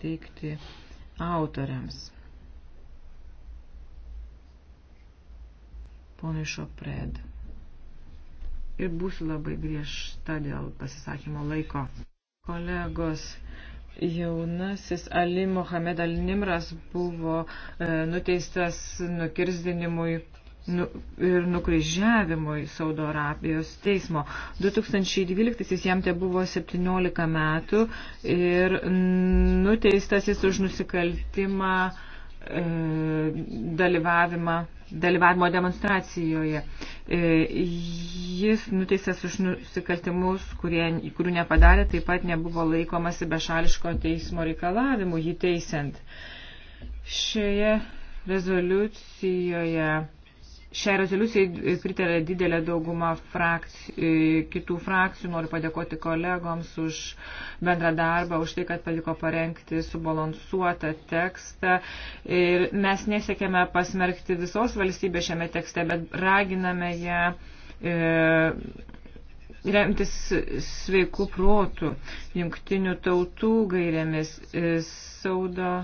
suteikti autoriams. Ponui Šopred. Ir būsiu labai griežta dėl pasisakymo laiko. Kolegos, jaunasis Ali Mohamed Al Nimras buvo e, nuteistas nukirzdinimui nu, ir nukryžiavimui Saudo Arabijos teismo. 2012 jam te buvo 17 metų ir nuteistas jis už nusikaltimą e, dalyvavimą, dalyvavimo demonstracijoje. E, jis nuteistas už nusikaltimus, kurie, kurių nepadarė, taip pat nebuvo laikomasi bešališko teismo reikalavimų jį teisiant. Šioje rezoliucijoje Šią rezoliuciją pritarė didelė dauguma frakcijų, kitų frakcijų. Noriu padėkoti kolegoms už bendrą darbą, už tai, kad paliko parengti subalansuotą tekstą. Ir mes nesiekėme pasmerkti visos valstybės šiame tekste, bet raginame ją e, remtis sveikų protų, jungtinių tautų gairėmis, e, saudo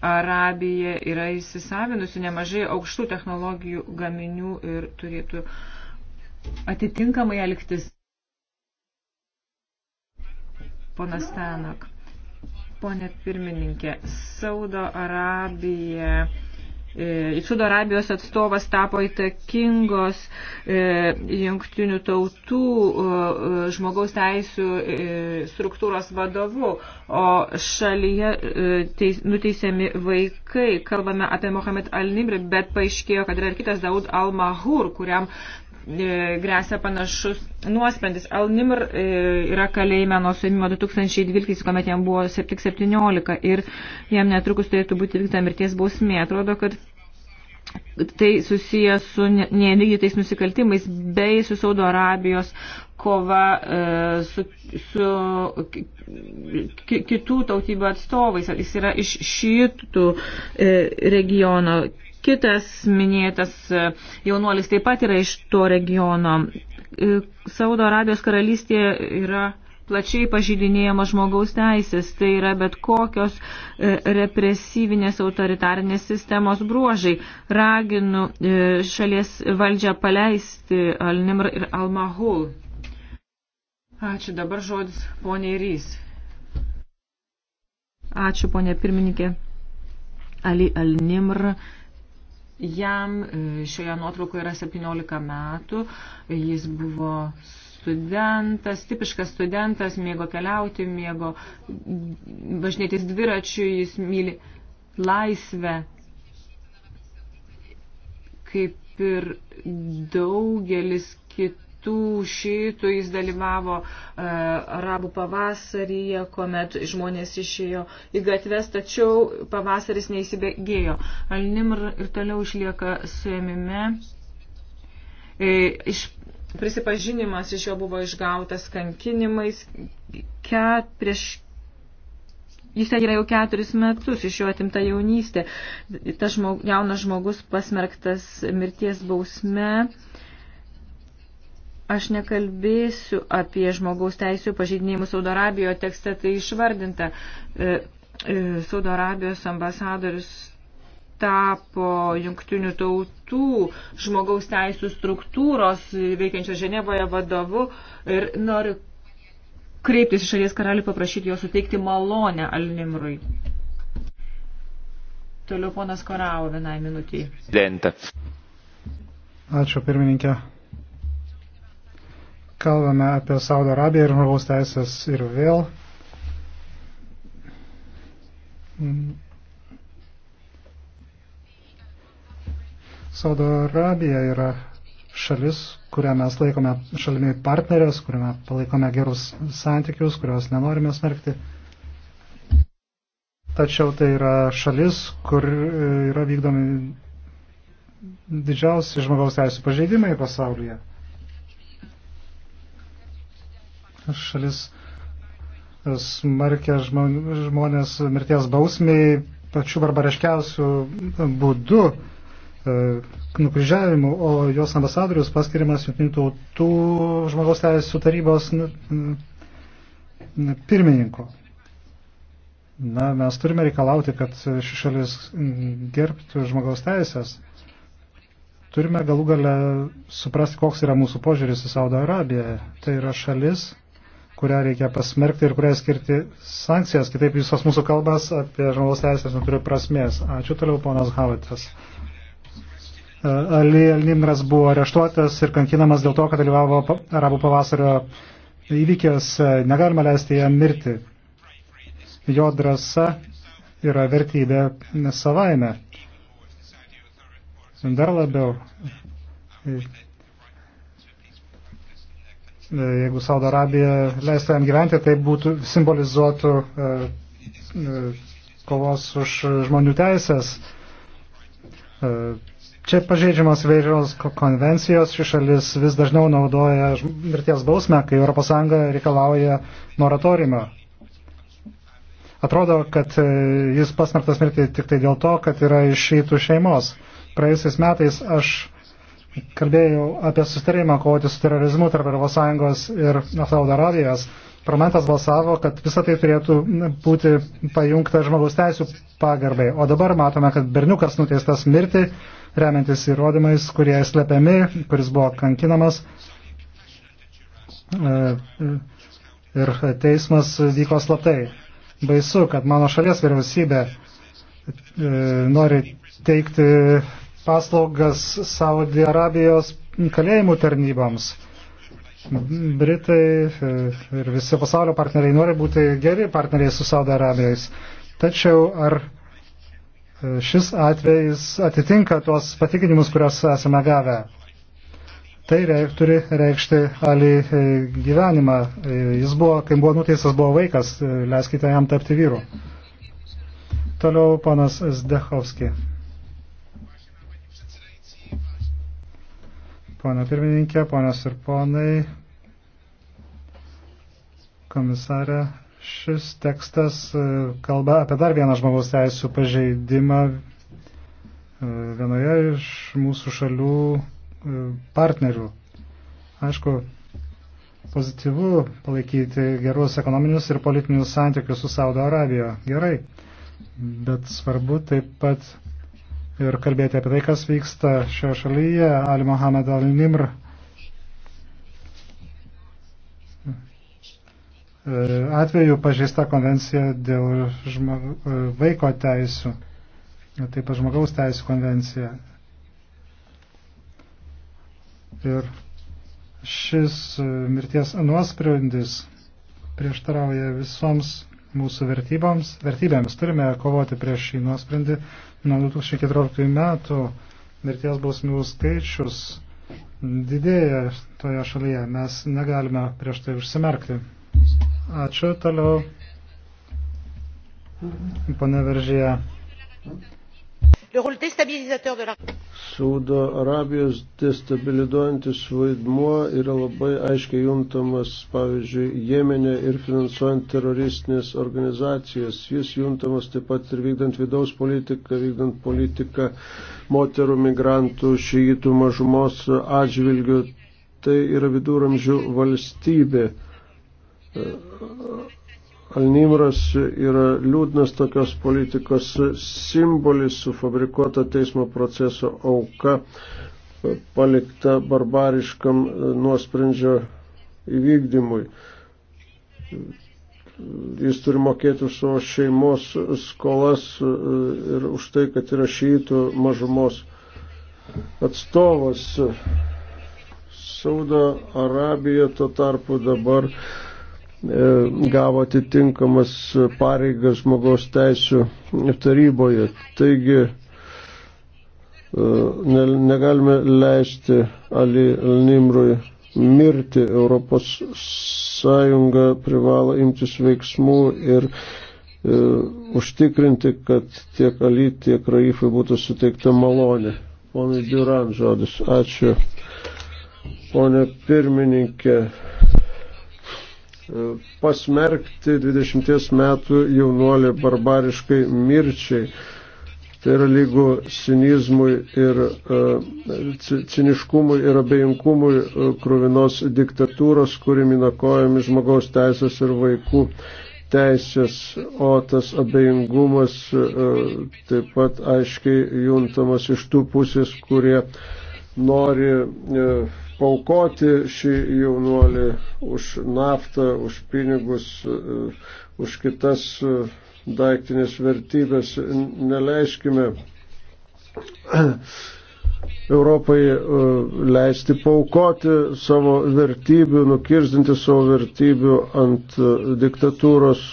Arabija yra įsisavinusi nemažai aukštų technologijų gaminių ir turėtų atitinkamai elgtis. Ponas Tanak. Pone pirmininkė, Saudo Arabija E, Sudo Arabijos atstovas tapo įtakingos e, jungtinių tautų e, žmogaus teisų struktūros vadovu, o šalyje teis, nuteisiami vaikai. Kalbame apie Mohamed Al-Nimri, bet paaiškėjo, kad yra ir kitas Daud Al-Mahur, kuriam grėsia panašus nuosprendis. Al-Nimr yra kalėjime nuo suėmimo 2012, kuomet jam buvo tik 17 ir jam netrukus turėtų būti vykta mirties bausmė. Atrodo, kad Tai susijęs su nelygitais nusikaltimais bei su Saudo Arabijos kova e, su, su ki, kitų tautybių atstovais. Jis yra iš šitų e, regiono. Kitas minėtas e, jaunuolis taip pat yra iš to regiono. E, Saudo Arabijos karalystėje yra plačiai pažydinėjama žmogaus teisės, tai yra bet kokios e, represyvinės autoritarinės sistemos bruožai. Raginu e, šalies valdžią paleisti Al-Nimr ir Al-Mahul. Ačiū, dabar žodis poniai Rys. Ačiū, ponė pirmininkė. Ali Al-Nimr Jam e, šioje nuotraukoje yra 17 metų, jis buvo studentas, tipiškas studentas, mėgo keliauti, mėgo važinėtis dviračiu, jis myli laisvę, kaip ir daugelis kitų šitų, jis dalyvavo uh, arabų pavasaryje, kuomet žmonės išėjo į gatves, tačiau pavasaris neįsibėgėjo. Alnimr ir toliau išlieka suėmime. E, iš Prisipažinimas iš jo buvo išgautas kankinimais. Ket, prieš, jis yra jau keturis metus, iš jo atimta jaunystė. Tas žmog, jaunas žmogus pasmerktas mirties bausme. Aš nekalbėsiu apie žmogaus teisų pažydinėjimus Saudo Arabijoje, tekste tai išvardinta. E, e, Saudo Arabijos ambasadorius tapo jungtinių tautų žmogaus teisų struktūros veikiančios Ženevoje vadovu ir noriu kreiptis į šalies karalių paprašyti jo suteikti malonę Alnimrui. Toliau ponas Koravo vienai minutį. Lenta. Ačiū pirmininkė. Kalbame apie Saudo Arabiją ir žmogaus teisės ir vėl Saudo Arabija yra šalis, kurią mes laikome šalimi partnerės, kuriame palaikome gerus santykius, kurios nenorime smerkti. Tačiau tai yra šalis, kur yra vykdomi didžiausi žmogaus teisų pažeidimai pasaulyje. Šalis smarkia žmonės mirties bausmiai pačiu barbariškiausiu būdu. E, nukryžiavimų, o jos ambasadorius paskiriamas Junktinių tautų žmogaus teisų tarybos pirmininko. Na, mes turime reikalauti, kad ši šalis gerbtų žmogaus teisės. Turime galų gale suprasti, koks yra mūsų požiūris į Saudo Arabiją. Tai yra šalis, kurią reikia pasmerkti ir kurią skirti sankcijas. Kitaip visos mūsų kalbas apie žmogaus teisės neturi prasmės. Ačiū toliau, ponas Havitas. E, Ali Al-Nimras buvo areštuotas ir kankinamas dėl to, kad dalyvavo arabų pavasario įvykės. Negalima leisti jam mirti. Jo drąsa yra vertybė savaime. Dar labiau, e, jeigu Saudo Arabija leistų jam gyventi, tai būtų simbolizuotų e, kovos už žmonių teisės Čia pažeidžiamas vairios konvencijos, ši šalis vis dažniau naudoja mirties bausmę, kai ES reikalauja moratoriumą. Atrodo, kad e, jis pasmerktas mirti tik tai dėl to, kad yra iš šitų šeimos. Praėjusiais metais aš kalbėjau apie sustarimą kovoti su terorizmu tarp ES ir Saudo Arabijos. Parlamentas balsavo, kad visą tai turėtų būti pajungta žmogaus teisų pagarbai. O dabar matome, kad berniukas nuteistas mirti, remiantis įrodymais, kurie slepiami, kuris buvo kankinamas. E, ir teismas vyko slaptai. Baisu, kad mano šalies vyriausybė e, nori teikti paslaugas Saudi Arabijos kalėjimų tarnyboms. Britai e, ir visi pasaulio partneriai nori būti geri partneriai su Saudo Arabijais. Tačiau ar e, šis atvejis atitinka tuos patikinimus, kuriuos esame gavę? Tai reik, turi reikšti Ali e, gyvenimą. Jis buvo, kai buvo nuteistas, buvo vaikas, leiskite jam tapti vyru. Toliau ponas Zdechovski. Pone pirmininkė, ponios ir ponai, komisarė, šis tekstas e, kalba apie dar vieną žmogaus teisų pažeidimą e, vienoje iš mūsų šalių e, partnerių. Aišku, pozityvu palaikyti gerus ekonominius ir politinius santykius su Saudo Arabija. Gerai. Bet svarbu taip pat ir kalbėti apie tai, kas vyksta šioje šalyje. Ali Mohamed Al-Nimr e, atveju pažįsta konvencija dėl žmog... E, vaiko teisų, taip pat žmogaus teisų konvencija. Ir šis e, mirties nuosprendis prieštarauja visoms mūsų vertybėms. vertybėms. Turime kovoti prieš šį nuosprendį. Nuo 2014 metų mirties bausmių skaičius didėja toje šalyje. Mes negalime prieš tai užsimerkti. Ačiū toliau. Pane Veržyje. Saudo Arabijos destabilizuojantis vaidmuo yra labai aiškiai juntamas, pavyzdžiui, Jemenė ir finansuojant teroristinės organizacijas. Jis juntamas taip pat ir vykdant vidaus politiką, vykdant politiką moterų, migrantų, šeitų mažumos atžvilgių. Tai yra viduramžių valstybė Alnimras yra liūdnas tokios politikos simbolis, sufabrikuota teismo proceso auka, palikta barbariškam nuosprendžio įvykdymui. Jis turi mokėti už savo šeimos skolas ir už tai, kad yra šytų mažumos atstovas. Saudo Arabija tuo tarpu dabar E, gavo atitinkamas pareigas žmogaus teisų taryboje. Taigi e, ne, negalime leisti Ali Nimrui mirti. Europos Sąjunga privalo imtis veiksmų ir e, užtikrinti, kad tiek Ali, tiek Raifai būtų suteikta malonė. Pone Duran žodis. Ačiū. Pone pirmininkė. E, pasmerkti 20 metų jaunuolį barbariškai mirčiai. Tai yra lygų cinizmui ir e, ciniškumui ir abejinkumui e, krūvinos diktatūros, kuri minakojami žmogaus teisės ir vaikų teisės, o tas abejingumas taip pat aiškiai juntamas iš tų pusės, kurie nori paukoti šį jaunuolį už naftą, už pinigus, e, už kitas e, daiktinės vertybės. Neleiskime Europai e, leisti paukoti savo vertybių, nukirzdinti savo vertybių ant diktatūros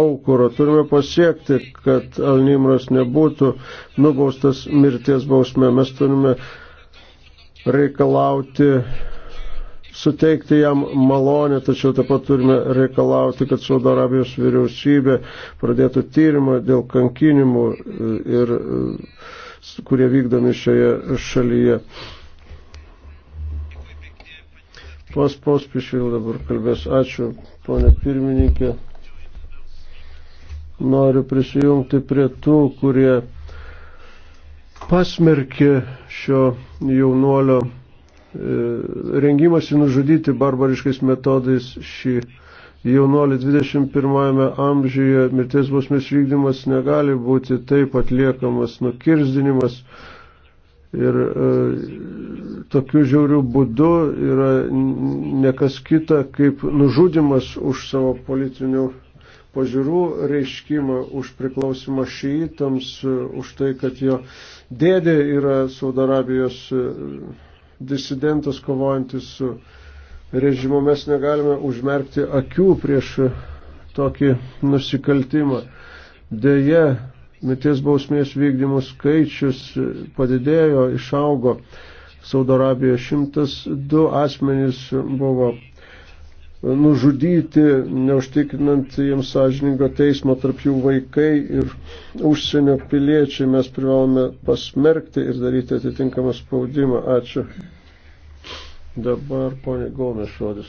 aukuro. Turime pasiekti, kad Alnimras nebūtų nubaustas mirties bausme. Mes turime reikalauti suteikti jam malonę, tačiau taip pat turime reikalauti, kad Saudo Arabijos vyriausybė pradėtų tyrimą dėl kankinimų, e, ir, e, kurie vykdomi šioje šalyje. Pas pospišvil dabar kalbės. Ačiū, ponė pirmininkė. Noriu prisijungti prie tų, kurie pasmerkė šio jaunuolio e, rengimasi nužudyti barbariškais metodais šį jaunuolį 21 amžiuje mirties bausmės vykdymas negali būti taip atliekamas nukirzdinimas ir e, tokiu žiauriu būdu yra nekas kita kaip nužudimas už savo politinių pažiūrų reiškimą, už priklausimą šyitams, už tai, kad jo dėdė yra Saudarabijos e, disidentas kovojantis su režimu. Mes negalime užmerkti akių prieš e, tokį nusikaltimą. Deja, mirties bausmės vykdymų skaičius e, padidėjo, išaugo. Saudo Arabijoje 102 asmenys buvo nužudyti, neužtikrinant jiems sąžiningo teismo tarp jų vaikai ir užsienio piliečiai. Mes privalome pasmerkti ir daryti atitinkamą spaudimą. Ačiū. Dabar ponė Gomes žodis.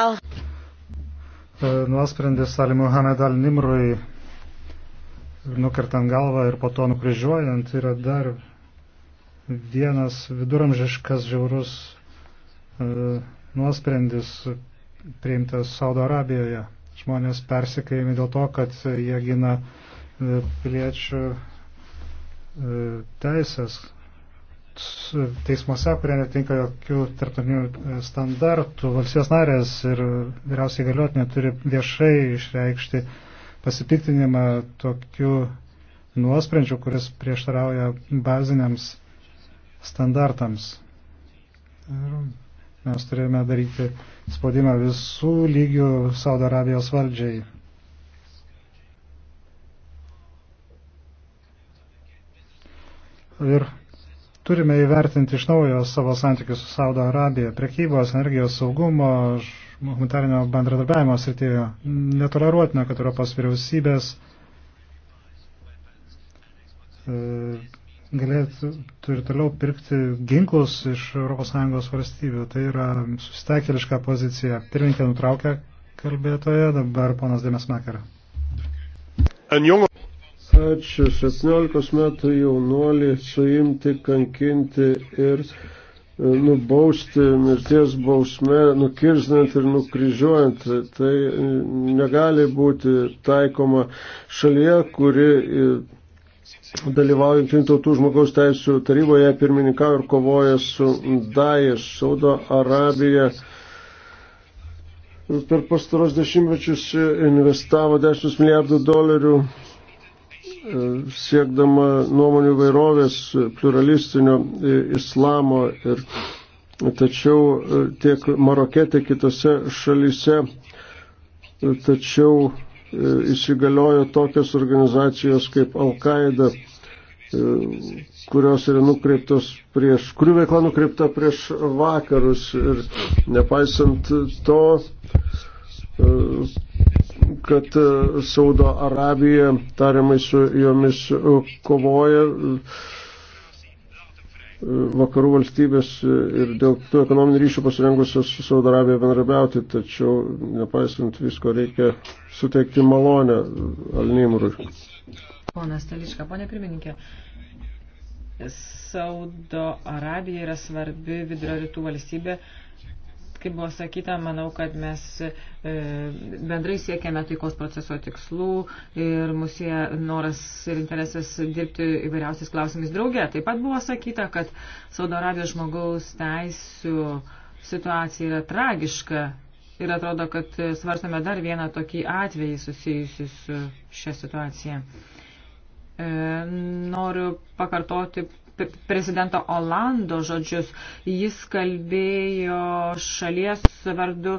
E, nuosprendis Ali Muhamed Al Nimrui nukertant galvą ir po to nukryžiuojant yra dar vienas viduramžiškas žiaurus e, nuosprendis priimtas Saudo Arabijoje. Žmonės persikėjami dėl to, kad jie gina e, piliečių e, teisės teismuose, kurie netinka jokių tarptautinių e, standartų. Valstybės narės ir vyriausiai galiotinė turi viešai išreikšti pasipiktinimą tokių nuosprendžių, kuris prieštarauja baziniams standartams. Ir Mes turėjome daryti spaudimą visų lygių Saudo Arabijos valdžiai. Ir turime įvertinti iš naujo savo santykius su Saudo Arabija, prekybos, energijos saugumo, humanitarinio bendradarbiavimo srityje. Netoleruotina, kad Europos vyriausybės e, galėtų ir toliau pirkti ginklus iš ES valstybių. Tai yra susitakeliška pozicija. Pirminkė nutraukė kalbėtoje, dabar ponas Dėmes Makara. Ačiū, 16 metų jaunuolį suimti, kankinti ir e, nubausti mirties bausme, nukirznant ir nukryžiuojant. Tai e, negali būti taikoma šalyje, kuri e, dalyvaujant Jungtautų žmogaus teisų taryboje pirmininkavo ir kovoja su Daesh, Saudo Arabija. Per pastaros dešimtmečius investavo 10 milijardų dolerių e, siekdama nuomonių vairovės pluralistinio e, islamo ir tačiau e, tiek Marokė, tiek kitose šalyse, tačiau E, įsigaliojo tokios organizacijos kaip Al-Qaeda, e, kurios yra nukreiptos prieš, kurių veikla nukreipta prieš vakarus ir nepaisant to, e, kad Saudo Arabija tariamai su jomis kovoja, vakarų valstybės ir dėl tų ekonominių ryšių pasirengusios su Saudo Arabija bendrabiauti, tačiau nepaisant visko reikia suteikti malonę Alnimrui. Ponas Teliška, ponė pirmininkė, Saudo Arabija yra svarbi vidurio rytų valstybė, kaip buvo sakyta, manau, kad mes e, bendrai siekiame taikos proceso tikslų ir mūsų noras ir interesas dirbti įvairiausiais klausimais drauge. Taip pat buvo sakyta, kad Saudo Arabijos žmogaus teisų situacija yra tragiška ir atrodo, kad svarstame dar vieną tokį atvejį susijusiu su šią situaciją. E, noriu pakartoti prezidento Olando žodžius. Jis kalbėjo šalies vardu,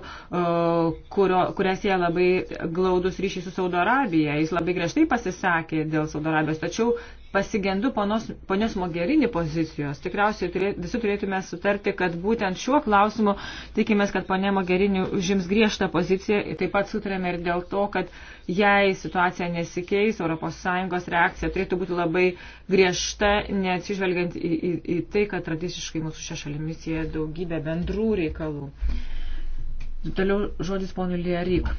kurio, kurias jie labai glaudus ryšiai su Saudo Arabija. Jis labai griežtai pasisakė dėl Saudo Arabijos, tačiau pasigendu ponos, ponios Mogerini pozicijos. Tikriausiai turė, visi turėtume sutarti, kad būtent šiuo klausimu tikimės, kad ponė Mogerini užims griežtą poziciją. Taip pat sutarėme ir dėl to, kad jei situacija nesikeis, ES reakcija turėtų būti labai griežta, neatsižvelgiant į, į, į tai, kad tradiciškai mūsų šia šalimi sieja daugybė bendrų reikalų. Toliau žodis ponui Lierik.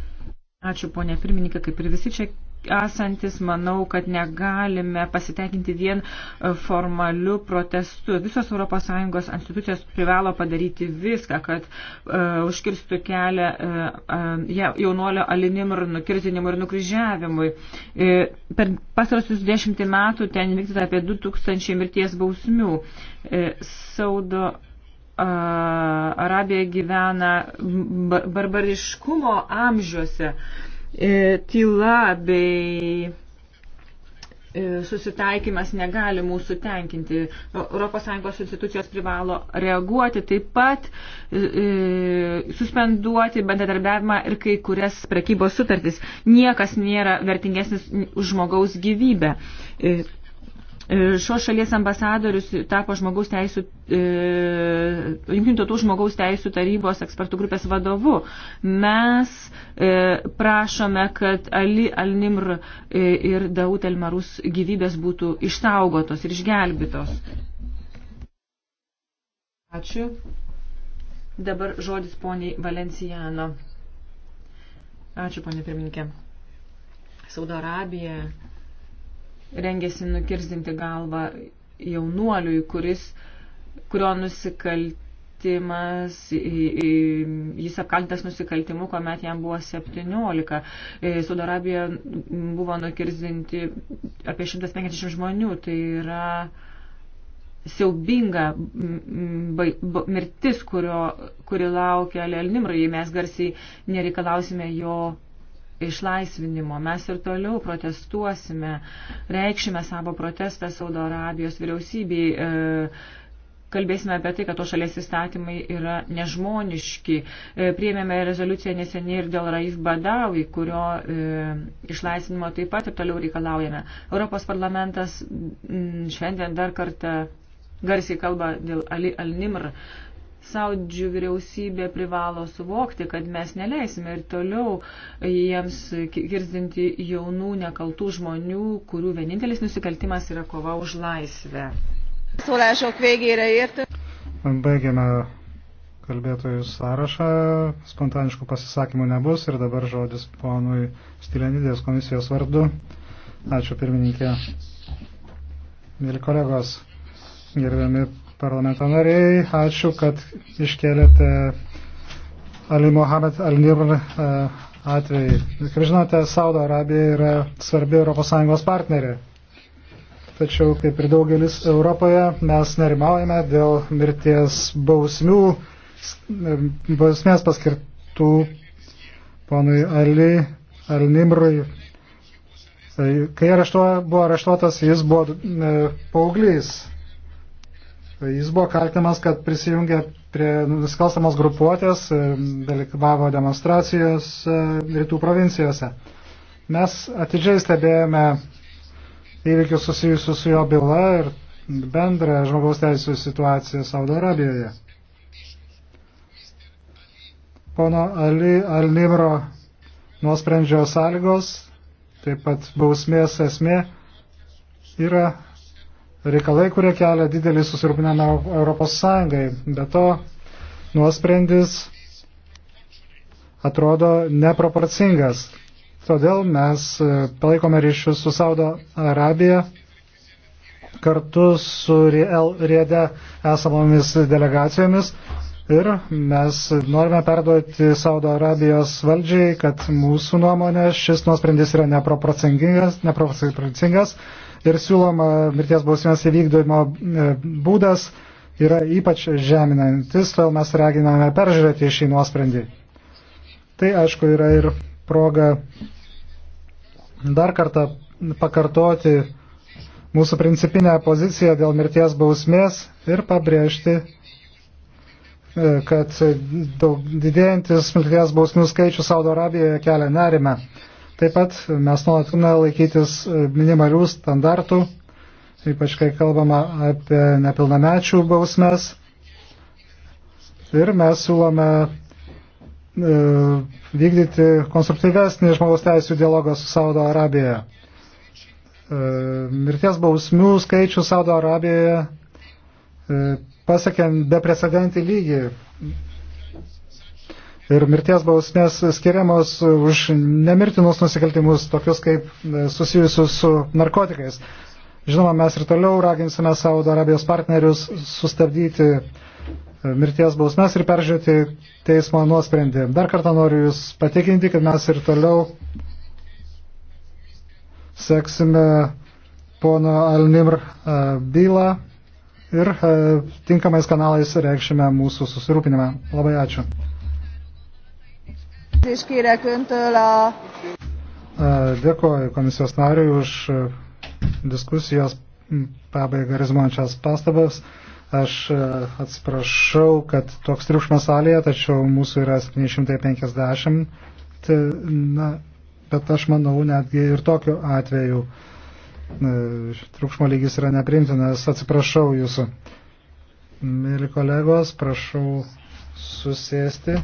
Ačiū ponė pirmininkė, kaip ir visi čia esantis, manau, kad negalime pasitekinti vien formaliu protestu. Visos ES institucijos privalo padaryti viską, kad uh, užkirstų kelią uh, uh, jaunuolio alinimui ir nukirtinimui ir nukryžiavimui. Uh, per pasarosius dešimtį metų ten vyksta apie 2000 mirties bausmių. Uh, Saudo Arabija gyvena barbariškumo amžiuose. Uh, E, tyla bei e, susitaikymas negali mūsų tenkinti. ES institucijos privalo reaguoti, taip pat e, suspenduoti bendradarbiavimą ir kai kurias prekybos sutartys. Niekas nėra vertingesnis už žmogaus gyvybę. E, šios šalies ambasadorius tapo žmogaus teisų, e, jungtinių tautų žmogaus teisų tarybos ekspertų grupės vadovu. Mes e, prašome, kad Ali Alnimr e, ir Daut Elmarus gyvybės būtų išsaugotos ir išgelbėtos. Ačiū. Dabar žodis poniai Valencijano. Ačiū, ponė pirminkė. Saudo Arabija rengėsi nukirzdinti galvą jaunuoliui, kuris, kurio nusikaltimas, jis apkaltintas nusikaltimu, kuomet jam buvo 17. E, Sudarabija buvo nukirzdinti apie 150 žmonių, tai yra siaubinga mirtis, kurio, kuri laukia Lelnimrai, jei mes garsiai nereikalausime jo išlaisvinimo. Mes ir toliau protestuosime, reikšime savo protestą Saudo Arabijos vyriausybei. E, kalbėsime apie tai, kad to šalies įstatymai yra nežmoniški. E, priėmėme rezoliuciją neseniai ir dėl Raif Badawi, kurio e, išlaisvinimo taip pat ir toliau reikalaujame. Europos parlamentas m, šiandien dar kartą garsiai kalba dėl Ali Al-Nimr Saudžių vyriausybė privalo suvokti, kad mes neleisime ir toliau jiems girdinti jaunų nekaltų žmonių, kurių vienintelis nusikaltimas yra kova už laisvę. Szólások végére értünk. Baigiame kalbėtojų sąrašą. Spontaniškų pasisakymų nebus ir dabar žodis ponui Stilenidės komisijos vardu. Ačiū pirmininkė. Mėly kolegos, gerbiami parlamento nariai, ačiū, kad iškėlėte Ali Mohamed Al-Nir e, atvejį. Kaip žinote, Saudo Arabija yra svarbi ES partnerė. Tačiau, kaip ir daugelis Europoje, mes nerimaujame dėl mirties bausmių, e, bausmės paskirtų ponui Ali Al-Nimrui. E, kai areštuo, buvo areštuotas, jis buvo e, paauglys Jis buvo kaltinamas, kad prisijungė prie nusikalstamos grupuotės, e, dalyvavo demonstracijos e, rytų provincijose. Mes atidžiai stebėjome įvykius susijusius su jo byla ir bendrą žmogaus teisų situaciją Saudo Arabijoje. Pono Ali Al-Nimro nuosprendžio sąlygos, taip pat bausmės esmė, yra reikalai, kurie kelia didelį susirūpinimą Europos Sąjungai. Be to, nuosprendis atrodo neproporcingas. Todėl mes e, palaikome ryšius su Saudo Arabija kartu su Riel Riede esamomis delegacijomis ir mes norime perduoti Saudo Arabijos valdžiai, kad mūsų nuomonė šis nuosprendis yra neproporcingas, neproporcingas ir siūloma mirties bausmės įvykdymo e, būdas yra ypač žeminantis, todėl mes raginame peržiūrėti šį nuosprendį. Tai aišku yra ir proga dar kartą pakartoti mūsų principinę poziciją dėl mirties bausmės ir pabrėžti, e, kad daug didėjantis mirties bausmių skaičius Saudo Arabijoje kelia nerimą. Taip pat mes nuolat turime laikytis e, minimalių standartų, ypač kai kalbama apie nepilnamečių bausmes. Ir mes siūlome e, vykdyti konstruktyvesnį žmogaus teisų dialogą su Saudo Arabija. E, mirties bausmių skaičių Saudo Arabijoje pasiekė beprecedentį lygį ir mirties bausmės skiriamos už nemirtinus nusikaltimus, tokius kaip e, susijusius su narkotikais. Žinoma, mes ir toliau raginsime Saudo Arabijos partnerius sustabdyti e, mirties bausmės ir peržiūrėti teismo nuosprendį. Dar kartą noriu Jūs patikinti, kad mes ir toliau seksime pono Alnimr e, bylą ir tinkamais kanalais reikšime mūsų susirūpinimą. Labai ačiū elnézést kérek öntől a... E, dėkoju komisijos nariui už e, diskusijos pabaigą rezimuojančias pastabas. Aš e, atsiprašau, kad toks triukšmas salėje, tačiau mūsų yra 750. Tai, na, bet aš manau, netgi ir tokiu atveju triukšmo lygis yra neprimtinas. Atsiprašau jūsų. Mėly kolegos, prašau susėsti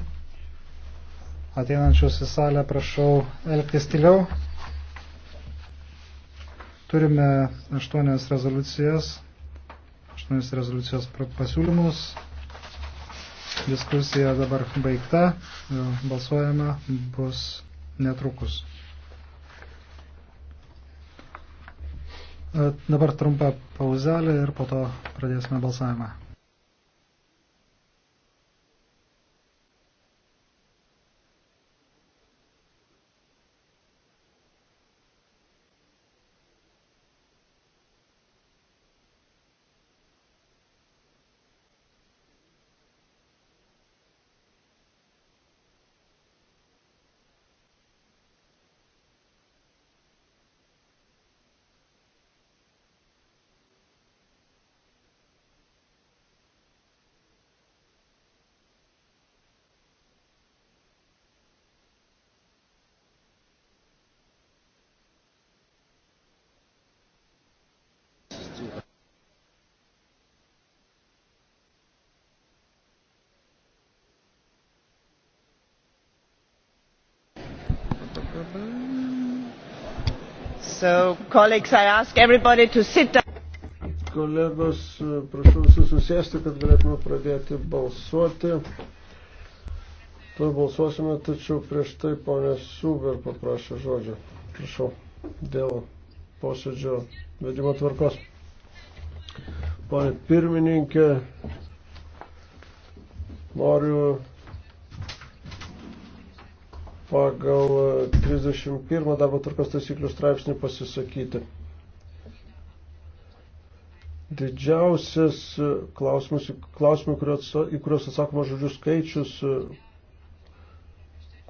ateinančius į salę prašau elgtis tyliau. Turime aštuonias rezoliucijas, aštuonias rezoliucijos pasiūlymus. Diskusija dabar baigta, balsuojama bus netrukus. Dabar trumpa pauzelė ir po to pradėsime balsavimą. So, colleagues, I ask everybody to sit down. Kolegos, prašau susisėsti, kad galėtume pradėti balsuoti. To balsuosime, tačiau prieš tai ponė Suber paprašė žodžio. Prašau, dėl posėdžio vedimo tvarkos. Pone pirmininkė, noriu pagal 31 e, darbo tvarkos taisyklių straipsnį pasisakyti. Didžiausias e, klausimas, klausimų, į kuriuos atsakoma žodžių skaičius, e,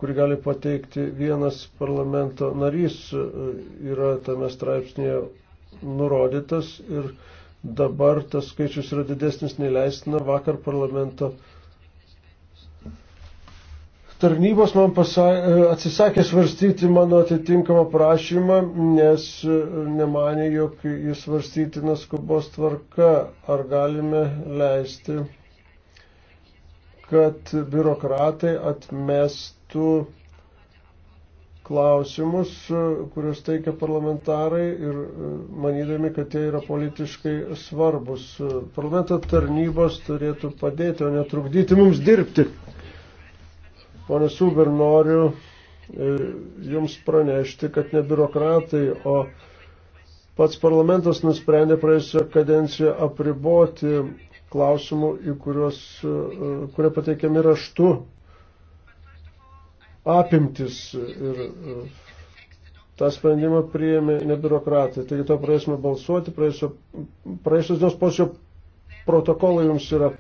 kurį gali pateikti vienas parlamento narys, yra tame straipsnėje nurodytas ir dabar tas skaičius yra didesnis nei leistina. Vakar parlamento tarnybos man pasa, e, atsisakė svarstyti mano atitinkamą prašymą, nes e, nemanė, jog jis svarstytina skubos tvarka, ar galime leisti, kad biurokratai atmestų klausimus, e, kuriuos teikia parlamentarai ir manydami, kad jie yra politiškai svarbus. Parlamento tarnybos turėtų padėti, o netrukdyti mums dirbti. Pone Suber, noriu e, Jums pranešti, kad ne biurokratai, o pats parlamentas nusprendė praėjusią kadenciją apriboti klausimų, į kuriuos, e, kurie pateikiami raštu apimtis ir e, tą sprendimą priėmė ne biurokratai. Taigi to praėsime balsuoti, praėjusios dienos posėdžio protokolai jums yra